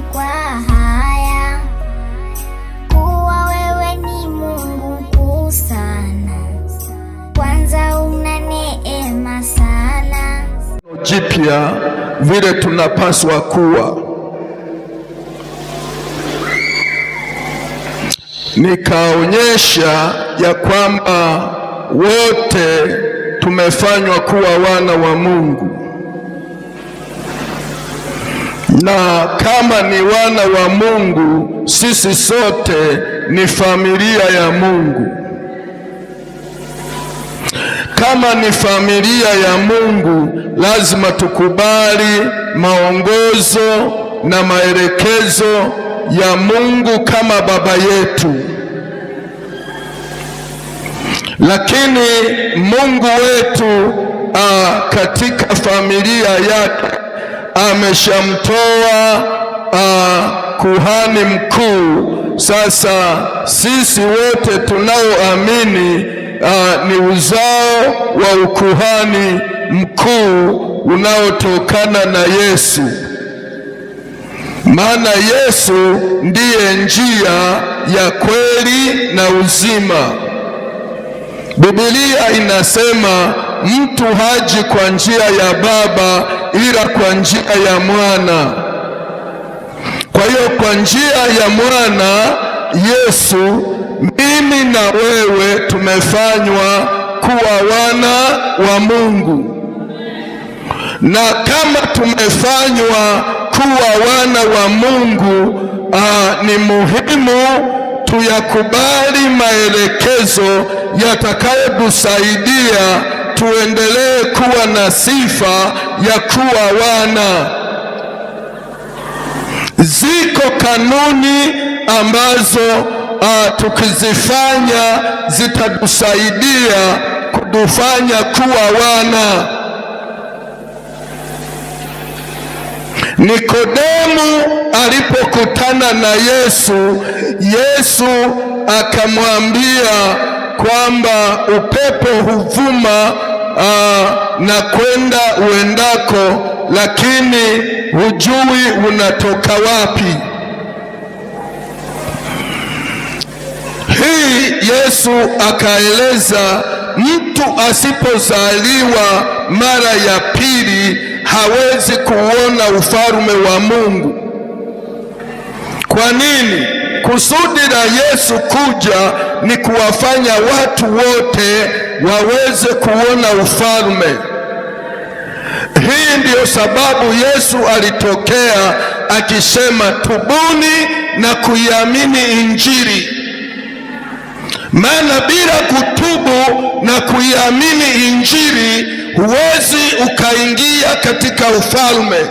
kwa haya, kuwa wewe ni Mungu sana, kwanza una neema sana. Jipya vile tunapaswa kuwa nikaonyesha ya kwamba wote tumefanywa kuwa wana wa Mungu na kama ni wana wa Mungu, sisi sote ni familia ya Mungu. Kama ni familia ya Mungu, lazima tukubali maongozo na maelekezo ya Mungu kama baba yetu. Lakini Mungu wetu a, ah, katika familia yake ameshamtoa uh, kuhani mkuu. Sasa sisi wote tunaoamini uh, ni uzao wa ukuhani mkuu unaotokana na Yesu, maana Yesu ndiye njia ya kweli na uzima. Biblia inasema mtu haji kwa njia ya baba ila kwa njia ya mwana. Kwa hiyo kwa njia ya mwana Yesu, mimi na wewe tumefanywa kuwa wana wa Mungu, na kama tumefanywa kuwa wana wa Mungu aa, ah, ni muhimu tuyakubali maelekezo yatakayotusaidia tuendelee kuwa na sifa ya kuwa wana. Ziko kanuni ambazo uh, tukizifanya zitatusaidia kutufanya kuwa wana. Nikodemu alipokutana na Yesu, Yesu akamwambia kwamba upepo huvuma uh, na kwenda uendako, lakini hujui unatoka wapi. Hii Yesu akaeleza, mtu asipozaliwa mara ya pili hawezi kuona ufalme wa Mungu. Kwa nini? Kusudi la Yesu kuja ni kuwafanya watu wote waweze kuona ufalme. Hii ndiyo sababu Yesu alitokea akisema, tubuni na kuiamini Injili. Maana bila kutubu na kuiamini Injili huwezi ukaingia katika ufalme,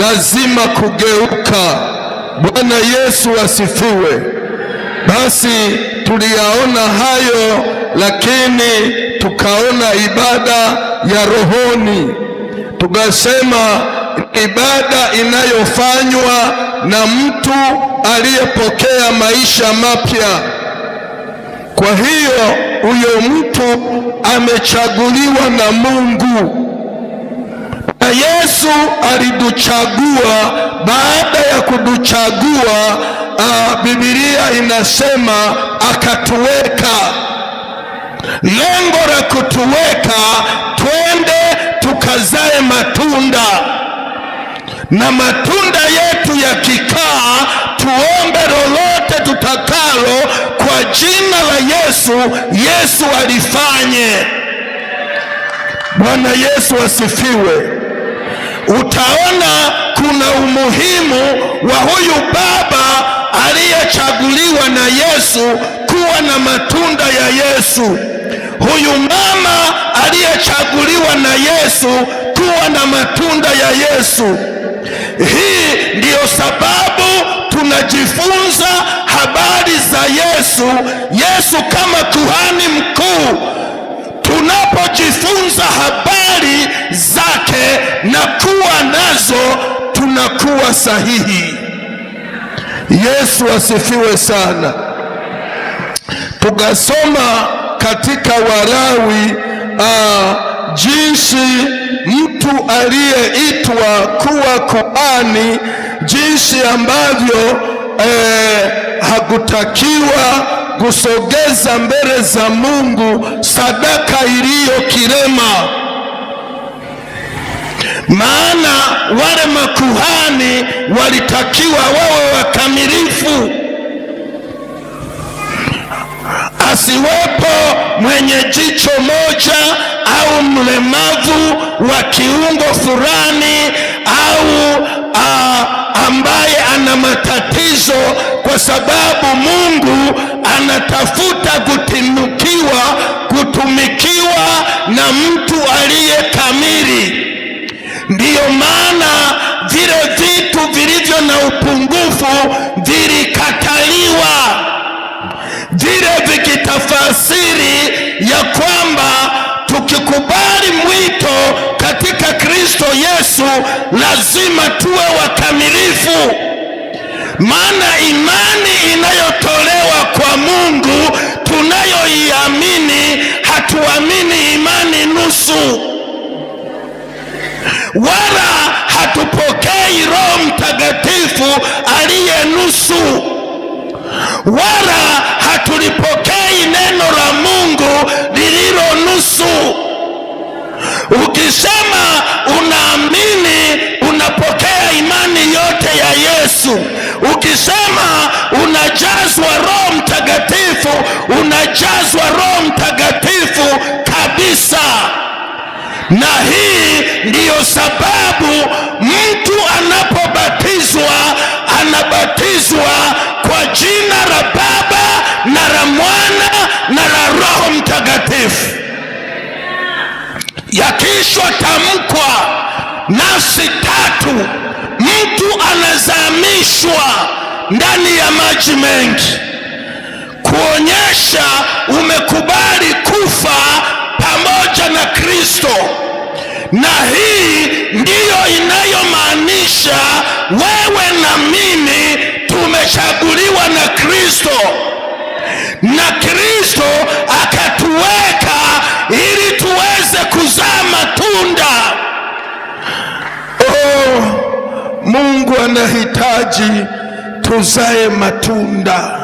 lazima kugeuka. Bwana Yesu asifiwe. Basi tuliyaona hayo, lakini tukaona ibada ya rohoni, tukasema ibada inayofanywa na mtu aliyepokea maisha mapya. Kwa hiyo huyo mtu amechaguliwa na Mungu Bwana Yesu aliduchagua Baada ya kutuchagua, uh, ah, Biblia inasema akatuweka. Lengo la kutuweka twende tukazae matunda, na matunda yetu yakikaa, tuombe lolote tutakalo kwa jina la Yesu, Yesu alifanye. Bwana Yesu asifiwe utaona kuna umuhimu wa huyu baba aliyechaguliwa na Yesu kuwa na matunda ya Yesu, huyu mama aliyechaguliwa na Yesu kuwa na matunda ya Yesu. Hii ndiyo sababu tunajifunza habari za Yesu, Yesu kama kuhani mkuu tunapojifunza habari zake na kuwa nazo tunakuwa sahihi. Yesu asifiwe sana. Tukasoma katika Walawi uh, jinsi mtu aliyeitwa kuwa kuhani, jinsi ambavyo eh, hakutakiwa kusogeza mbele za Mungu sadaka iliyo kilema, maana wale makuhani walitakiwa wawe wakamilifu, asiwepo mwenye jicho moja au mlemavu wa kiungo fulani au a, ambaye ana matatizo, kwa sababu Mungu anatafuta kutinukiwa, kutumikiwa na mtu aliye kamili. Ndiyo maana vile vitu vilivyo na upungufu vilikataliwa, vile vikitafasiri ya kwamba tukikubali Kristo Yesu lazima tuwe wakamilifu, maana imani inayotolewa kwa Mungu tunayoiamini, hatuamini imani nusu, wala hatupokei Roho Mtakatifu aliye nusu, wala hatulipokei neno la Mungu lililo nusu. Ukisema unaamini unapokea imani yote ya Yesu. Ukisema unajazwa Roho Mtakatifu, unajazwa Roho Mtakatifu kabisa. Na hii ndiyo sababu mtu anapobatizwa anabatizwa kwa jina la Baba na la Mwana na la Roho Mtakatifu yakishotamkwa nafsi tatu, mtu anazamishwa ndani ya maji mengi, kuonyesha umekubali kufa pamoja na Kristo, na hii ndiyo inayomaanisha wewe na mimi tumechaguliwa na Kristo na Kristo akatuweka Mungu anahitaji tuzae matunda.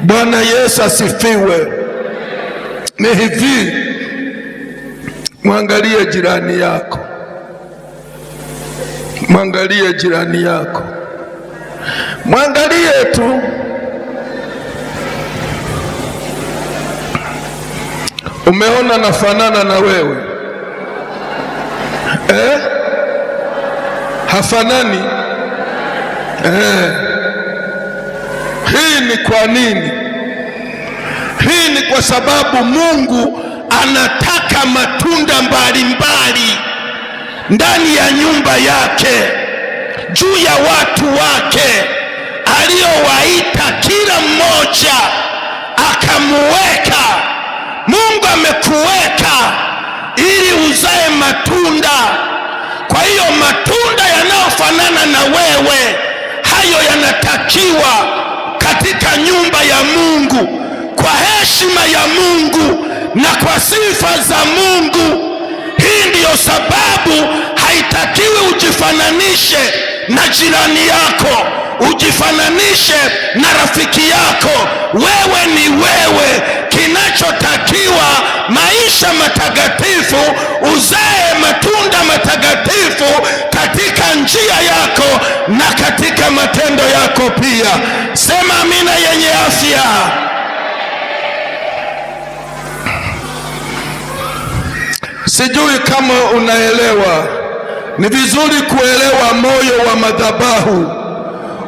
Bwana Yesu asifiwe. Ni hivi, mwangalie jirani yako, mwangalie jirani yako, mwangalie tu Umeona nafanana na wewe eh? hafanani eh. Hii ni kwa nini? Hii ni kwa sababu Mungu anataka matunda mbalimbali ndani ya nyumba yake, juu ya watu wake aliyowaita kila mmoja akamuweka. Mungu amekuweka ili uzae matunda kwa hiyo matunda yanayofanana na wewe, hayo yanatakiwa katika nyumba ya Mungu kwa heshima ya Mungu na kwa sifa za Mungu. Hii ndiyo sababu haitakiwi ujifananishe na jirani yako, ujifananishe na rafiki yako. Wewe ni wewe, kinachotakiwa maisha matakatifu uzae Yesu katika njia yako na katika matendo yako pia. Sema amina yenye afya. Sijui kama unaelewa. Ni vizuri kuelewa moyo wa madhabahu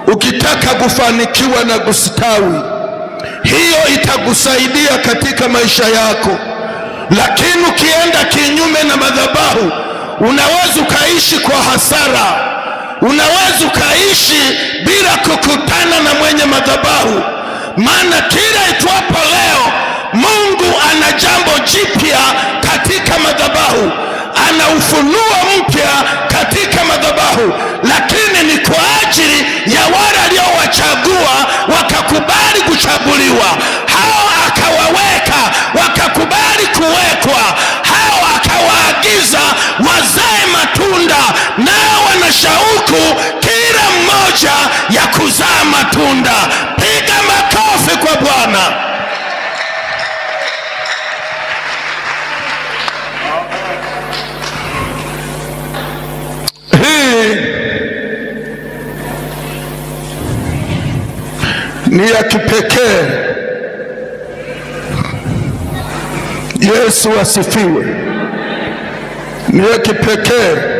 ukitaka kufanikiwa na kustawi. Hiyo itakusaidia katika maisha yako, lakini ukienda kinyume na madhabahu Unaweza ukaishi kwa hasara, unaweza ukaishi bila kukutana na mwenye madhabahu, maana kila itwapo leo, Mungu ana jambo jipya katika madhabahu, ana ufunuo mpya katika madhabahu, lakini ni kwa ajili ya wale aliowachagua wakakubali kuchaguliwa hao shauku kila mmoja ya kuzaa matunda. Piga makofi kwa Bwana. ni ya kipekee. Yesu asifiwe! Ni ya kipekee.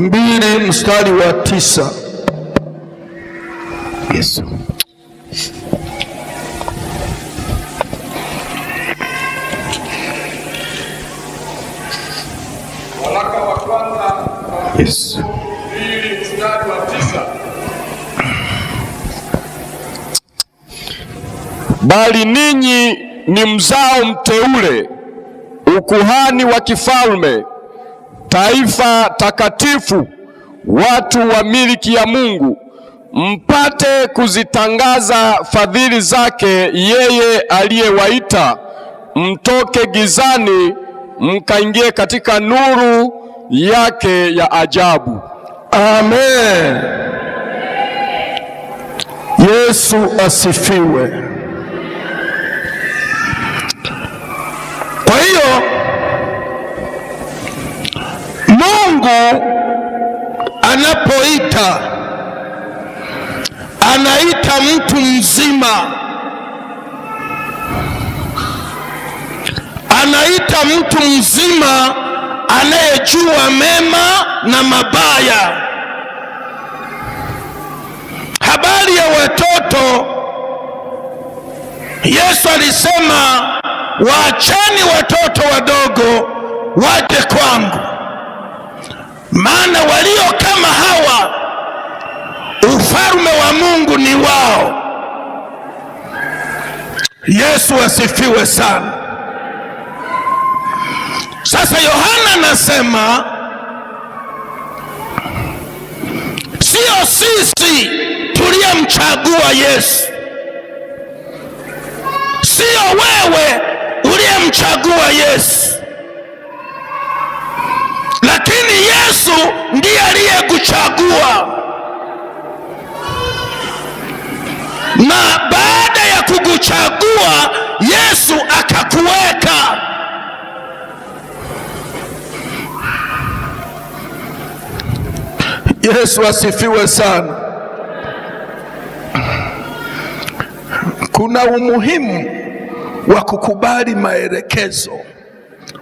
mbili mstari wa tisa. Yesu Bali ninyi ni mzao mteule, ukuhani wa kifalme taifa takatifu, watu wa miliki ya Mungu, mpate kuzitangaza fadhili zake yeye aliyewaita mtoke gizani mkaingie katika nuru yake ya ajabu. Amen. Yesu asifiwe. Kwa hiyo Mungu anapoita anaita mtu mzima, anaita mtu mzima anayejua mema na mabaya. Habari ya watoto, Yesu alisema waacheni watoto wadogo waje kwangu maana walio kama hawa ufalme wa Mungu ni wao. Yesu asifiwe sana. Sasa Yohana anasema sio sisi tuliyemchagua Yesu, sio wewe uliyemchagua Yesu lakini Yesu ndiye aliyekuchagua na baada ya kukuchagua Yesu akakuweka. Yesu asifiwe sana. Kuna umuhimu wa kukubali maelekezo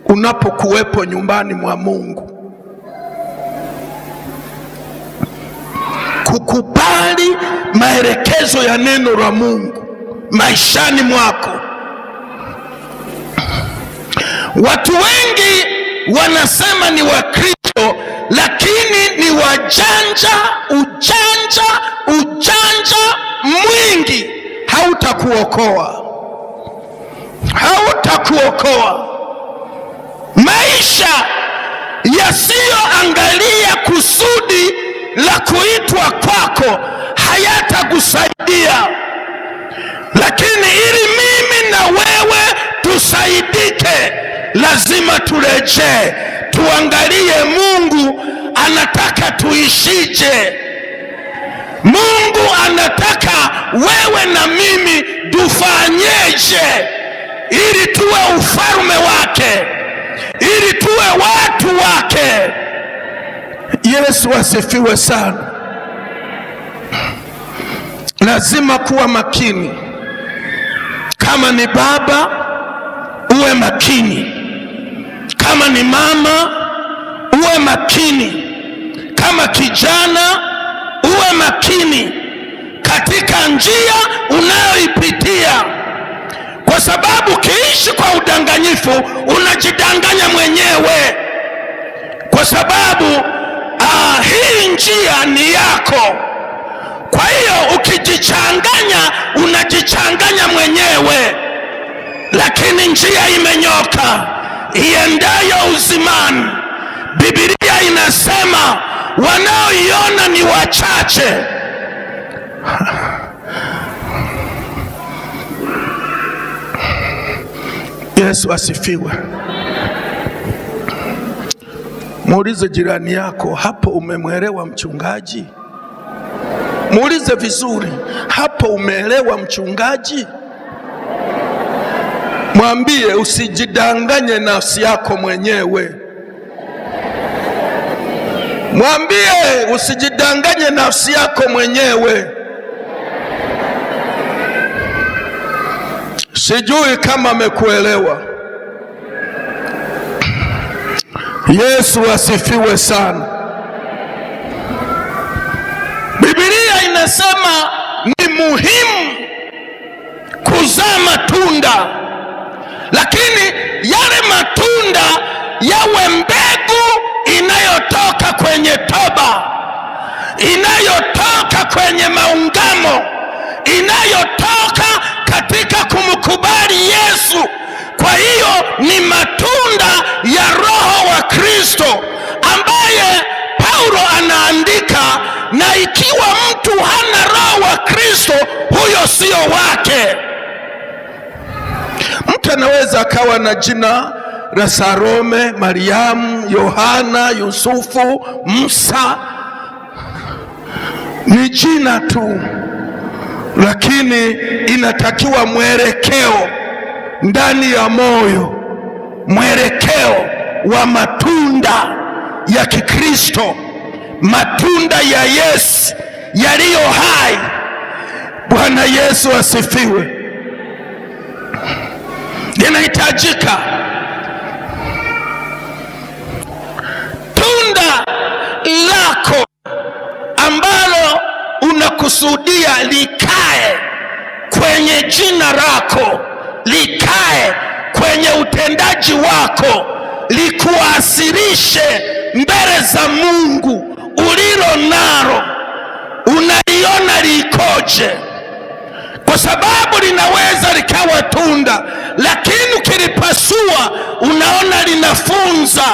unapokuwepo nyumbani mwa Mungu. Kukubali maelekezo ya neno la Mungu maishani mwako. Watu wengi wanasema ni Wakristo, lakini ni wajanja, ujanja, ujanja mwingi. Hautakuokoa, hautakuokoa maisha yasiyoangalia kusudi la kuitwa kwako hayatakusaidia, lakini ili mimi na wewe tusaidike, lazima turejee, tuangalie Mungu anataka tuishije. Mungu anataka wewe na mimi tufanyeje ili tuwe ufalme wake ili tuwe watu wake. Yesu asifiwe sana. Lazima kuwa makini. Kama ni baba uwe makini, kama ni mama uwe makini, kama kijana uwe makini katika njia unayoipitia sababu ukiishi kwa udanganyifu unajidanganya mwenyewe, kwa sababu ah, hii njia ni yako. Kwa hiyo ukijichanganya unajichanganya mwenyewe, lakini njia imenyoka iendayo uzimani. Biblia inasema wanaoiona ni wachache Yesu asifiwe. Muulize jirani yako hapo, umemwelewa mchungaji? Muulize vizuri hapo, umeelewa mchungaji? Mwambie usijidanganye nafsi yako mwenyewe. Mwambie usijidanganye nafsi yako mwenyewe. Sijui kama amekuelewa. Yesu asifiwe sana. Biblia inasema ni muhimu kuzaa matunda, lakini yale matunda yawe mbegu inayotoka kwenye toba, inayotoka kwenye maungamo inayotoka katika kumkubali Yesu. Kwa hiyo ni matunda ya Roho wa Kristo ambaye Paulo anaandika, na ikiwa mtu hana Roho wa Kristo, huyo sio wake. Mtu anaweza akawa na jina la Salome, Mariamu, Yohana, Yusufu, Musa, ni jina tu lakini inatakiwa mwelekeo ndani ya moyo, mwelekeo wa matunda ya Kikristo, matunda ya Yesu yaliyo hai. Bwana Yesu asifiwe. inahitajika tunda lako kusudia likae kwenye jina lako, likae kwenye utendaji wako, likuasilishe mbele za Mungu. Ulilo nalo unaliona likoje? Kwa sababu linaweza likawa tunda, lakini ukilipasua unaona linafunza,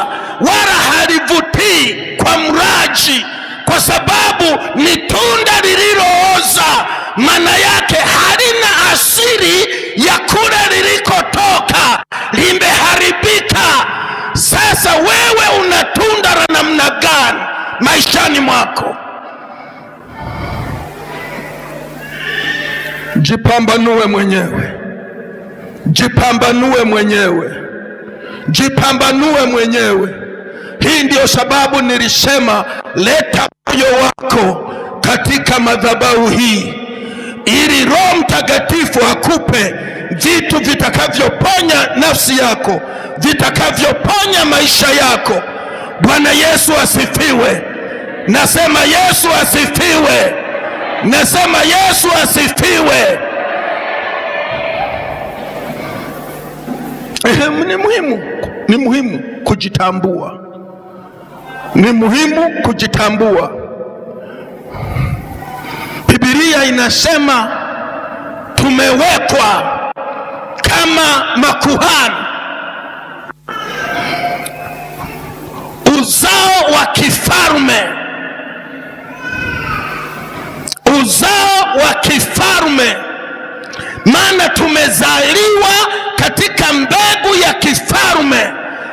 wala halivutii kwa mraji, kwa sababu sababu ni tunda lililooza, maana yake halina asili ya kule lilikotoka, limeharibika. Sasa wewe una tunda la namna gani maishani mwako? Jipambanue mwenyewe, jipambanue mwenyewe, jipambanue mwenyewe. Hii ndiyo sababu nilisema leta moyo wako katika madhabahu hii, ili Roho Mtakatifu akupe vitu vitakavyoponya nafsi yako, vitakavyoponya maisha yako. Bwana Yesu asifiwe! Nasema Yesu asifiwe! Nasema Yesu asifiwe! Ni muhimu, ni muhimu kujitambua. Ni muhimu kujitambua. Biblia inasema tumewekwa kama makuhani, uzao wa kifalme, uzao wa kifalme, maana tumezaliwa katika mbegu ya kifalme,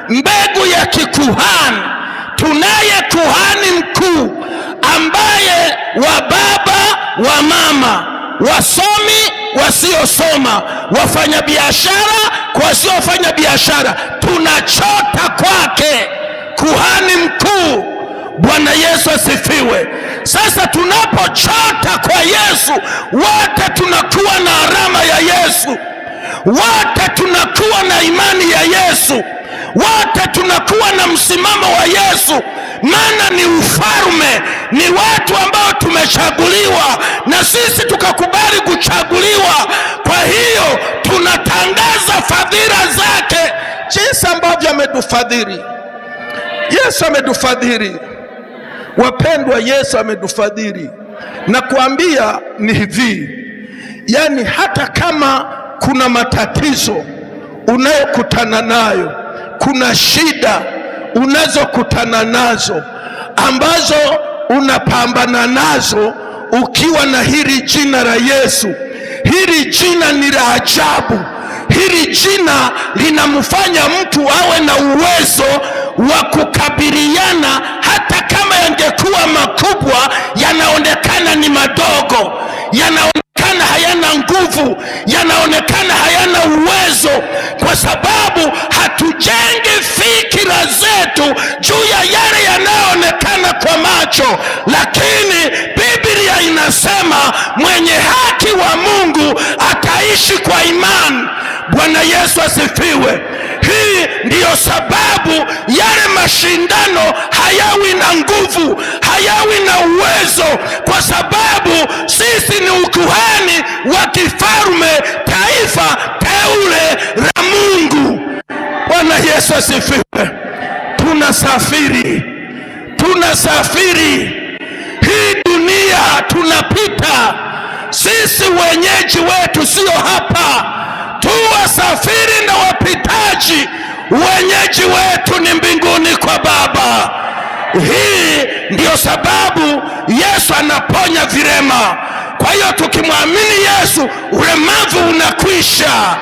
mbegu ya kikuhani tunaye kuhani mkuu ambaye wa baba wa mama, wasomi wasiosoma, biashara kwa wasiofanya biashara, tunachota kwake, kuhani mkuu. Bwana Yesu asifiwe. Sasa tunapochota kwa Yesu, wote tunakuwa na alama ya Yesu, wote tunakuwa na imani ya Yesu wote tunakuwa na msimamo wa Yesu, maana ni ufalme, ni watu ambao tumechaguliwa na sisi tukakubali kuchaguliwa. Kwa hiyo tunatangaza fadhila zake, jinsi ambavyo ametufadhili Yesu. Ametufadhili wapendwa, Yesu ametufadhili na kuambia ni hivi, yani hata kama kuna matatizo unayokutana nayo kuna shida unazokutana nazo ambazo unapambana nazo ukiwa na hili jina la Yesu. Hili jina ni la ajabu. Hili jina linamfanya mtu awe na uwezo wa kukabiliana, hata kama yangekuwa makubwa, yanaonekana ni madogo, yanaonekana yanaonekana hayana nguvu, yanaonekana hayana uwezo, kwa sababu hatujengi fikira zetu juu ya yale yanayoonekana kwa macho, lakini Biblia inasema mwenye haki wa Mungu ataishi kwa imani. Bwana Yesu asifiwe. Hii ndiyo sababu yale mashindano hayawi na nguvu, hayawi na uwezo, kwa sababu sisi ni ukuhani wa kifalme, taifa teule la Mungu. Bwana Yesu asifiwe. Tunasafiri, tunasafiri hii dunia tunapita. Sisi wenyeji wetu sio hapa wasafiri na wapitaji, wenyeji wetu ni mbinguni kwa Baba. Hii ndiyo sababu Yesu anaponya vilema. Kwa hiyo tukimwamini Yesu ulemavu unakwisha.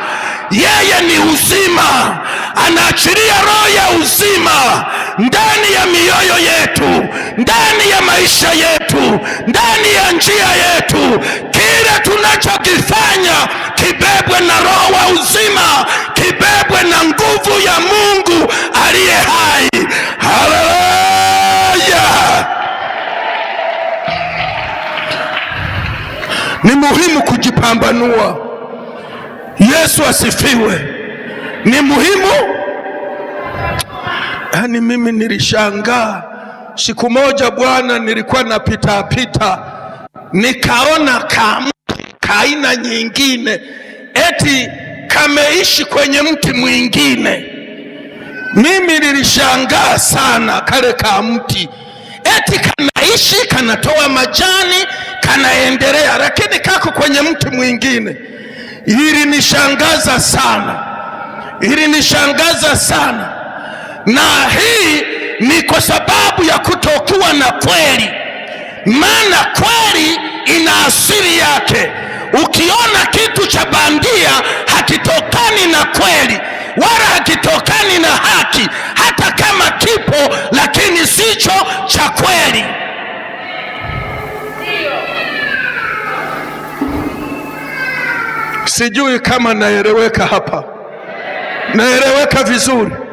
Yeye ni uzima, anaachilia roho ya uzima ndani ya mioyo yetu, ndani ya maisha yetu, ndani ya njia yetu. kile tunachokifanya kibebwe na Roho wa uzima, kibebwe na nguvu ya Mungu aliye hai. Haleluya! Ni muhimu kujipambanua. Yesu asifiwe. Ni muhimu Yaani mimi nilishangaa siku moja, bwana, nilikuwa napita pita nikaona kamti kaina nyingine, eti kameishi kwenye mti mwingine. Mimi nilishangaa sana kale kamti, eti kanaishi kanatoa majani kanaendelea, lakini kako kwenye mti mwingine. Ilinishangaza sana, ilinishangaza sana na hii ni kwa sababu ya kutokuwa na kweli, maana kweli ina asili yake. Ukiona kitu cha bandia hakitokani na kweli wala hakitokani na haki, hata kama kipo, lakini sicho cha kweli. Sijui kama naeleweka hapa, naeleweka vizuri.